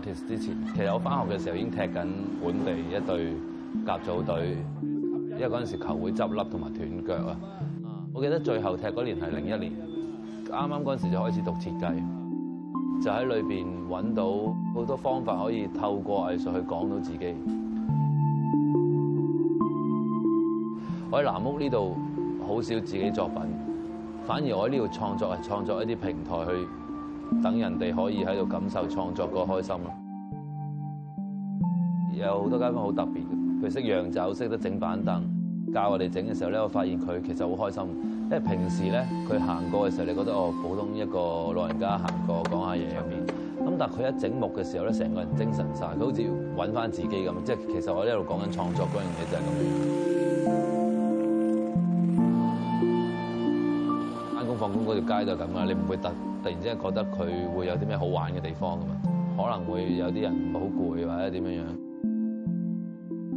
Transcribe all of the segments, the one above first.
之前，其實我翻學嘅時候已經踢緊本地一隊甲組隊，因為嗰陣時候球會執笠同埋斷腳啊。我記得最後踢嗰年係零一年，啱啱嗰陣時候就開始讀設計，就喺裏邊揾到好多方法可以透過藝術去講到自己。我喺藍屋呢度好少自己作品，反而我喺呢度創作係創作一啲平台去。等人哋可以喺度感受創作個開心咯。有好多街坊好特別嘅，佢識洋酒、識得整板凳。教我哋整嘅時候咧，我發現佢其實好開心。因為平時咧，佢行過嘅時候，你覺得我普通一個老人家行過講下嘢入面。咁但係佢一整木嘅時候咧，成個人精神晒，佢好似要揾翻自己咁。即係其實我喺度講緊創作嗰樣嘢就係咁樣。嗰條街就係咁啦，你唔會突突然之間覺得佢會有啲咩好玩嘅地方㗎嘛。可能會有啲人唔好攰或者點樣樣。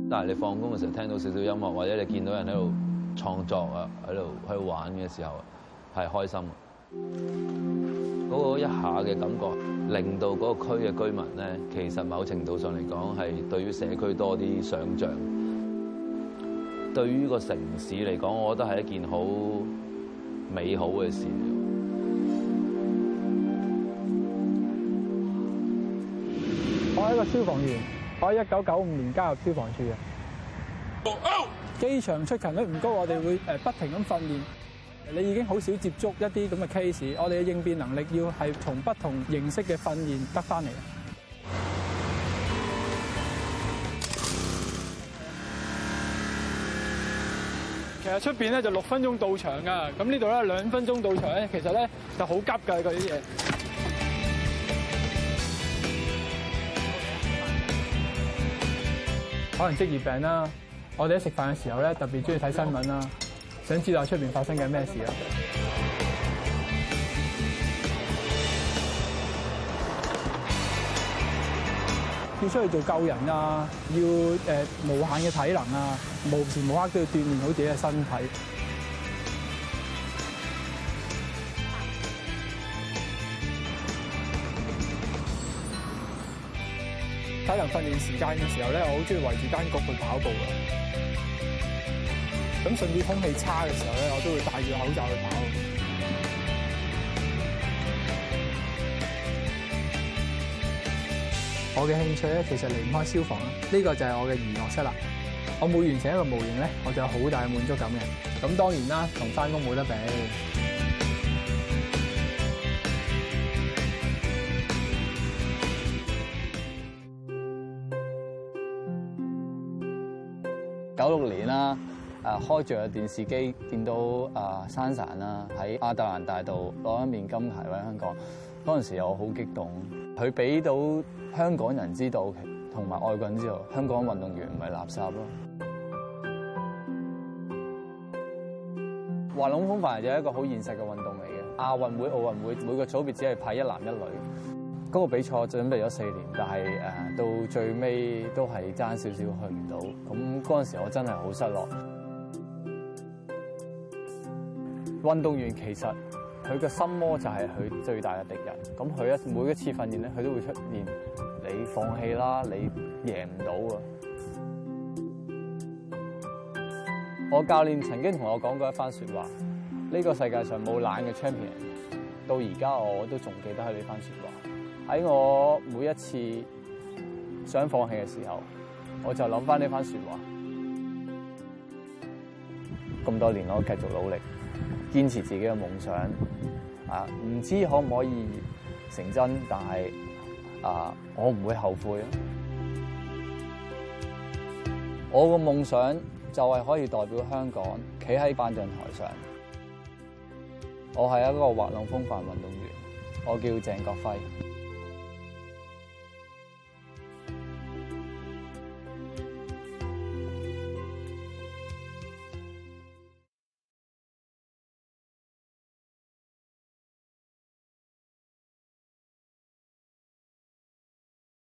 但係你放工嘅時候聽到少少音樂，或者你見到人喺度創作啊，喺度喺度玩嘅時候，係開心。嗰個一下嘅感覺，令到嗰個區嘅居民咧，其實某程度上嚟講，係對於社區多啲想象。對於個城市嚟講，我覺得係一件好。美好嘅事。我係一個消防員，我喺一九九五年加入消防處嘅。機場出勤率唔高，我哋會誒不停咁訓練。你已經好少接觸一啲咁嘅 case，我哋嘅應變能力要係從不同形式嘅訓練得翻嚟。其實出邊咧就六分鐘到場㗎，咁呢度咧兩分鐘到場咧，其實咧就好急㗎嗰啲嘢。可能職業病啦，我哋喺食飯嘅時候咧特別中意睇新聞啦，想知道出邊發生緊咩事啊！要出去做救人啊！要誒、呃、無限嘅體能啊！無時無刻都要鍛鍊好自己嘅身體。體能訓練時間嘅時候咧，我好中意圍住間局去跑步啊。咁甚至空氣差嘅時候咧，我都會戴住口罩去跑。我嘅興趣咧，其實離唔開消防啦，呢、這個就係我嘅娛樂室啦。我每完成一個模型咧，我就有好大滿足感嘅。咁當然啦，同翻工冇得比。九六年啦，誒開着個電視機，見到誒、呃、山神啦，喺亞特蘭大道攞一面金牌喎，香港。嗰陣時我好激動，佢俾到香港人知道同埋外國人知道香港運動員唔係垃圾咯。滑浪風帆就係一個好現實嘅運動嚟嘅，亞運會、奧運會每個組別只係派一男一女。嗰、嗰個比賽準備咗四年，但係、呃、到最尾都係爭少少去唔到，咁嗰陣時我真係好失落。運動員其實。佢嘅心魔就係佢最大嘅敵人，咁佢一每一次訓練咧，佢都會出現你放棄啦，你贏唔到啊！我教練曾經同我講過一番說話，呢個世界上冇懶嘅 champion，到而家我都仲記得佢呢番說話。喺我每一次想放棄嘅時候，我就諗翻呢番說話，咁多年我繼續努力。堅持自己嘅夢想，啊，唔知可唔可以成真，但係啊，我唔會後悔。我嘅夢想就係可以代表香港，企喺頒獎台上。我係一個滑浪風帆運動員，我叫鄭國輝。